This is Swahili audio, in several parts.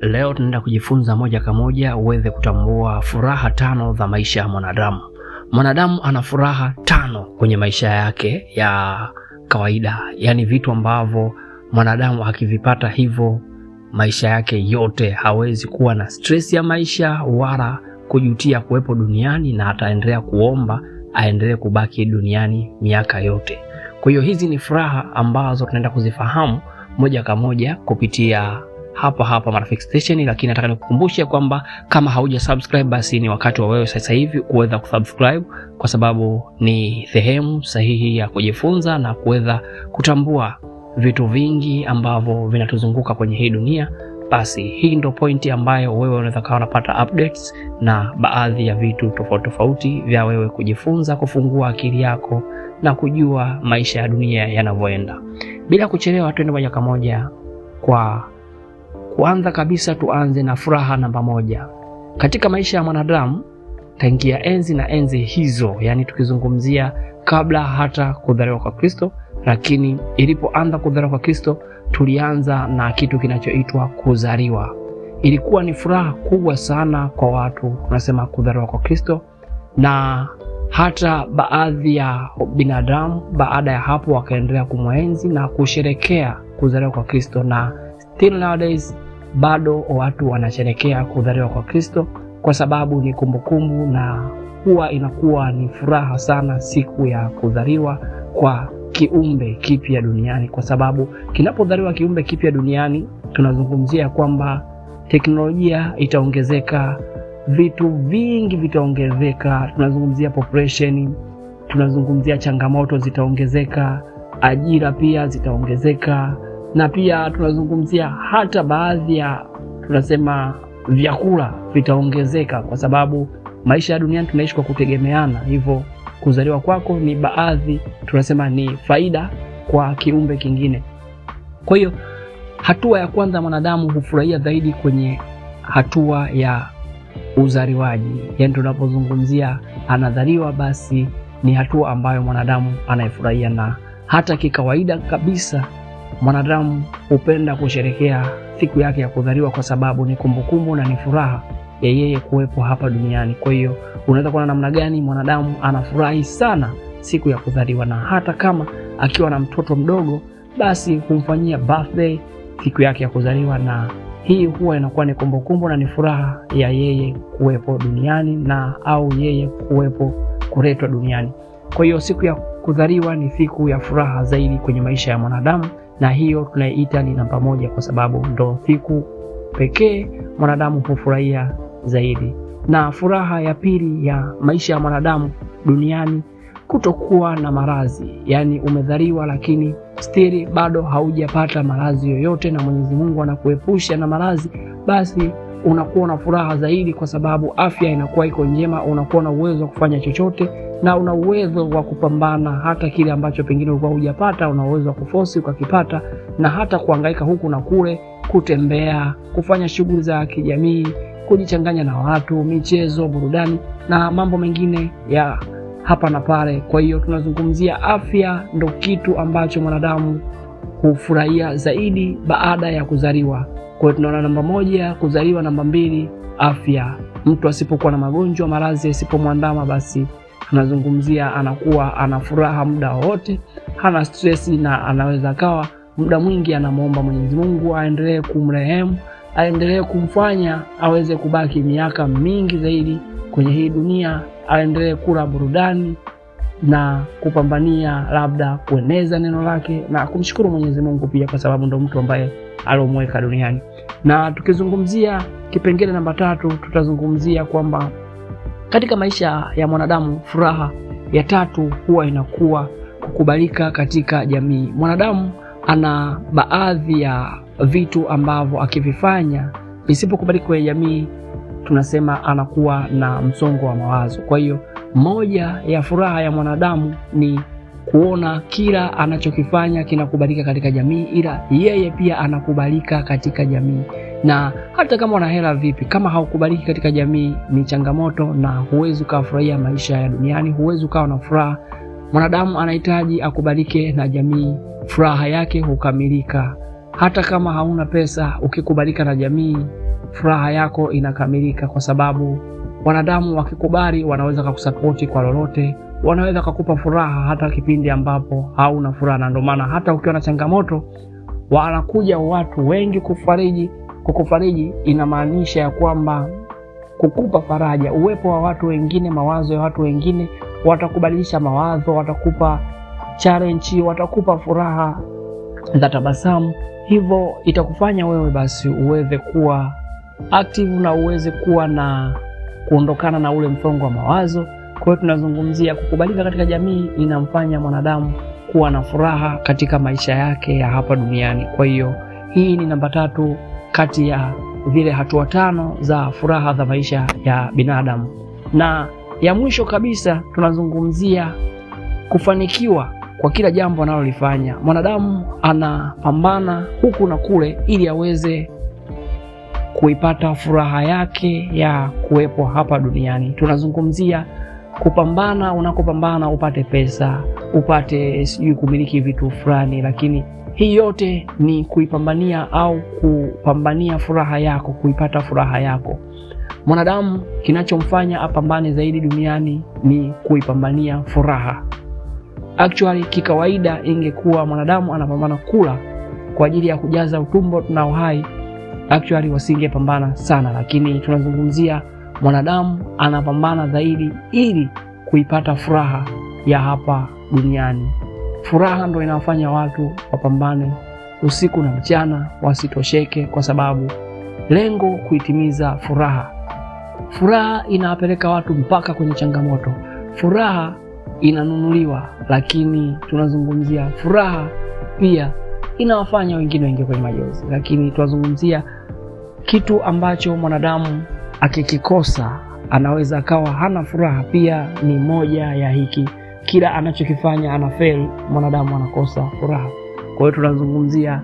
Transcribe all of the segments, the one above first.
Leo tunaenda kujifunza moja kwa moja uweze kutambua furaha tano za maisha ya mwanadamu. Mwanadamu ana furaha tano kwenye maisha yake ya kawaida, yaani vitu ambavyo mwanadamu akivipata hivyo maisha yake yote hawezi kuwa na stress ya maisha wala kujutia kuwepo duniani, na ataendelea kuomba aendelee kubaki duniani miaka yote. Kwa hiyo hizi ni furaha ambazo tunaenda kuzifahamu moja kwa moja kupitia hapa hapa Marafiki Station, lakini nataka nikukumbushe kwamba kama hauja subscribe, basi ni wakati wa wewe sasa hivi kuweza kusubscribe, kwa sababu ni sehemu sahihi ya kujifunza na kuweza kutambua vitu vingi ambavyo vinatuzunguka kwenye hii dunia. Basi hii ndo pointi ambayo wewe unaweza kawa unapata updates na baadhi ya vitu tofauti tofauti vya wewe kujifunza, kufungua akili yako na kujua maisha ya dunia yanavyoenda. Bila kuchelewa, tuende moja kwa moja kwa kwanza kabisa tuanze na furaha namba moja. Katika maisha ya mwanadamu tangia enzi na enzi hizo, yaani tukizungumzia kabla hata kudhaliwa kwa Kristo, lakini ilipoanza kudhaliwa kwa Kristo tulianza na kitu kinachoitwa kuzaliwa. Ilikuwa ni furaha kubwa sana kwa watu, tunasema kudhaliwa kwa Kristo, na hata baadhi ya binadamu baada ya hapo wakaendelea kumwenzi na kusherekea kuzaliwa kwa Kristo na still nowadays bado watu wanasherekea kudhaliwa kwa Kristo kwa sababu ni kumbukumbu na huwa inakuwa ni furaha sana siku ya kudhaliwa kwa kiumbe kipya duniani, kwa sababu kinapodhaliwa kiumbe kipya duniani tunazungumzia kwamba teknolojia itaongezeka, vitu vingi vitaongezeka, tunazungumzia population, tunazungumzia changamoto zitaongezeka, ajira pia zitaongezeka na pia tunazungumzia hata baadhi ya tunasema vyakula vitaongezeka, kwa sababu maisha ya duniani tunaishi kwa kutegemeana. Hivyo kuzaliwa kwako ni baadhi, tunasema ni faida kwa kiumbe kingine. Kwa hiyo hatua ya kwanza, mwanadamu hufurahia zaidi kwenye hatua ya uzaliwaji, yaani tunapozungumzia anazaliwa, basi ni hatua ambayo mwanadamu anaifurahia, na hata kikawaida kabisa Mwanadamu hupenda kusherekea siku yake ya kuzaliwa kwa sababu ni kumbukumbu na ni furaha ya yeye kuwepo hapa duniani. Kwa hiyo unaweza kuona namna gani mwanadamu anafurahi sana siku ya kuzaliwa, na hata kama akiwa na mtoto mdogo, basi humfanyia birthday siku yake ya kuzaliwa, na hii huwa inakuwa ni kumbukumbu na ni furaha ya yeye kuwepo duniani na au yeye kuwepo kuletwa duniani. Kwa hiyo siku ya kuzaliwa ni siku ya furaha zaidi kwenye maisha ya mwanadamu na hiyo tunaiita ni namba moja, kwa sababu ndo siku pekee mwanadamu hufurahia zaidi. Na furaha ya pili ya maisha ya mwanadamu duniani kutokuwa na maradhi, yaani umedhaliwa lakini stiri bado haujapata maradhi yoyote, na Mwenyezi Mungu anakuepusha na maradhi, basi unakuwa na furaha zaidi, kwa sababu afya inakuwa iko njema, unakuwa na uwezo wa kufanya chochote na una uwezo wa kupambana hata kile ambacho pengine ulikuwa hujapata, una uwezo wa kufosi ukakipata, na hata kuangaika huku na kule, kutembea, kufanya shughuli za kijamii, kujichanganya na watu, michezo, burudani na mambo mengine ya hapa na pale. Kwa hiyo tunazungumzia afya, ndo kitu ambacho mwanadamu hufurahia zaidi baada ya kuzaliwa. Kwa hiyo tunaona namba moja kuzaliwa, namba mbili afya. Mtu asipokuwa na magonjwa, maradhi asipomwandama, basi anazungumzia, anakuwa ana furaha muda wote, hana stress, na anaweza kawa muda mwingi anamwomba Mwenyezi Mungu aendelee kumrehemu, aendelee kumfanya aweze kubaki miaka mingi zaidi kwenye hii dunia, aendelee kula burudani na kupambania labda kueneza neno lake na kumshukuru Mwenyezi Mungu pia, kwa sababu ndo mtu ambaye aliomweka duniani. Na tukizungumzia kipengele namba tatu, tutazungumzia kwamba katika maisha ya mwanadamu, furaha ya tatu huwa inakuwa kukubalika katika jamii. Mwanadamu ana baadhi ya vitu ambavyo akivifanya visipokubalika kwenye jamii, tunasema anakuwa na msongo wa mawazo. Kwa hiyo moja ya furaha ya mwanadamu ni kuona kila anachokifanya kinakubalika katika jamii, ila yeye pia anakubalika katika jamii. Na hata kama una hela vipi, kama haukubaliki katika jamii ni changamoto, na huwezi ukafurahia maisha ya duniani, huwezi ukawa na furaha. Mwanadamu anahitaji akubalike na jamii, furaha yake hukamilika. Hata kama hauna pesa, ukikubalika na jamii, furaha yako inakamilika, kwa sababu wanadamu wakikubali, wanaweza kukusapoti kwa lolote wanaweza kukupa furaha hata kipindi ambapo hauna furaha, na ndio maana hata ukiwa na changamoto wanakuja watu wengi kufariji kukufariji. Inamaanisha ya kwamba kukupa faraja, uwepo wa watu wengine, mawazo ya watu wengine, watakubadilisha mawazo, watakupa challenge, watakupa furaha za tabasamu, hivyo itakufanya wewe basi uweze kuwa active na uweze kuwa na kuondokana na ule msongo wa mawazo kwa hiyo tunazungumzia kukubalika katika jamii inamfanya mwanadamu kuwa na furaha katika maisha yake ya hapa duniani. Kwa hiyo hii ni namba tatu kati ya vile hatua tano za furaha za maisha ya binadamu, na ya mwisho kabisa tunazungumzia kufanikiwa kwa kila jambo analolifanya. Mwanadamu anapambana huku na kule ili aweze kuipata furaha yake ya kuwepo hapa duniani. Tunazungumzia kupambana unakopambana upate pesa upate sijui kumiliki vitu fulani, lakini hii yote ni kuipambania au kupambania furaha yako, kuipata furaha yako. Mwanadamu kinachomfanya apambane zaidi duniani ni kuipambania furaha. Actually, kikawaida ingekuwa mwanadamu anapambana kula kwa ajili ya kujaza utumbo na uhai, actually wasingepambana sana, lakini tunazungumzia mwanadamu anapambana zaidi ili kuipata furaha ya hapa duniani. Furaha ndo inawafanya watu wapambane usiku na mchana, wasitosheke, kwa sababu lengo kuitimiza furaha. Furaha inawapeleka watu mpaka kwenye changamoto. Furaha inanunuliwa, lakini tunazungumzia furaha pia inawafanya wengine wengi kwenye majozi, lakini tunazungumzia kitu ambacho mwanadamu akikikosa anaweza akawa hana furaha. Pia ni moja ya hiki, kila anachokifanya anafeli, mwanadamu anakosa furaha. Kwa hiyo tunazungumzia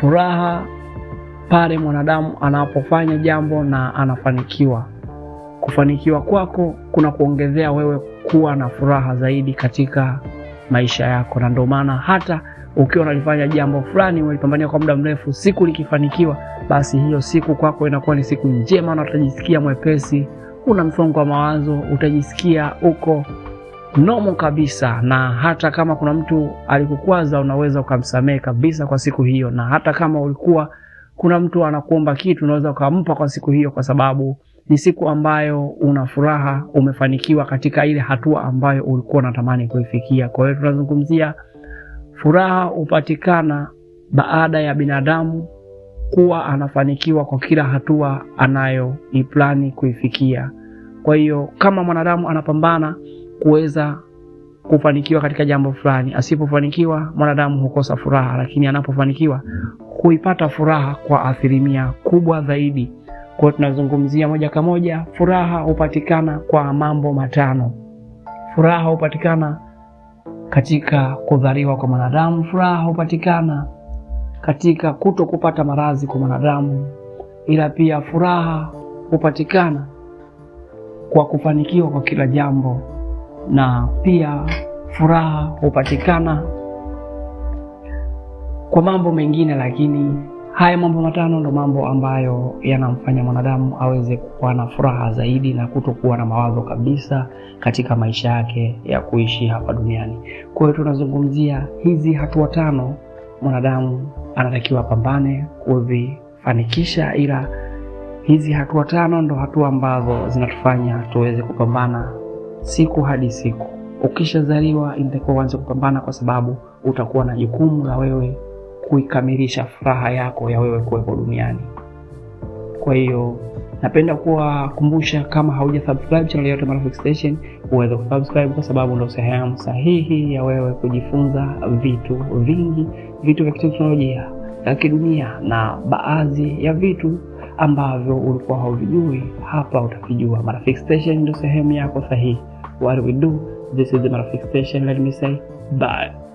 furaha pale mwanadamu anapofanya jambo na anafanikiwa. Kufanikiwa kwako kuna kuongezea wewe kuwa na furaha zaidi katika maisha yako, na ndio maana hata ukiwa unalifanya jambo fulani umelipambania kwa muda mrefu, siku likifanikiwa, basi hiyo siku kwako inakuwa ni siku njema na utajisikia mwepesi, una msongo wa mawazo, utajisikia uko nomo kabisa, na hata kama kuna mtu alikukwaza unaweza ukamsamehe kabisa kwa siku hiyo, na hata kama ulikuwa kuna mtu anakuomba kitu unaweza ukampa kwa siku hiyo, kwa sababu ni siku ambayo una furaha, umefanikiwa katika ile hatua ambayo ulikuwa unatamani kuifikia. Kwa hiyo tunazungumzia Furaha hupatikana baada ya binadamu kuwa anafanikiwa kwa kila hatua anayoiplani kuifikia. Kwa hiyo kama mwanadamu anapambana kuweza kufanikiwa katika jambo fulani, asipofanikiwa mwanadamu hukosa furaha, lakini anapofanikiwa kuipata furaha kwa asilimia kubwa zaidi. Kwa hiyo tunazungumzia moja kwa moja, furaha hupatikana kwa mambo matano. Furaha hupatikana katika kudhariwa kwa mwanadamu furaha hupatikana, katika kuto kupata maradhi kwa mwanadamu, ila pia furaha hupatikana kwa kufanikiwa kwa kila jambo, na pia furaha hupatikana kwa mambo mengine, lakini Haya mambo matano ndo mambo ambayo yanamfanya mwanadamu aweze kuwa na furaha zaidi na kutokuwa na mawazo kabisa katika maisha yake ya kuishi hapa duniani. Kwa hiyo tunazungumzia hizi hatua tano mwanadamu anatakiwa pambane kuzifanikisha, ila hizi hatua tano ndo hatua ambazo zinatufanya tuweze kupambana siku hadi siku. Ukishazaliwa inatakiwa uanze kupambana, kwa sababu utakuwa na jukumu la wewe kuikamilisha furaha yako ya wewe kuwepo duniani. Kwa hiyo napenda kuwakumbusha kama hauja subscribe channel yetu Marafiki Station, uweze kusubscribe kwa sababu ndio sehemu sahihi ya wewe kujifunza vitu vingi, vitu vya kiteknolojia ya kidunia na baadhi ya vitu ambavyo ulikuwa hauvijui, hapa utavijua. Marafiki Station ndio sehemu yako sahihi. What we do, this is the Marafiki Station. Let me say bye.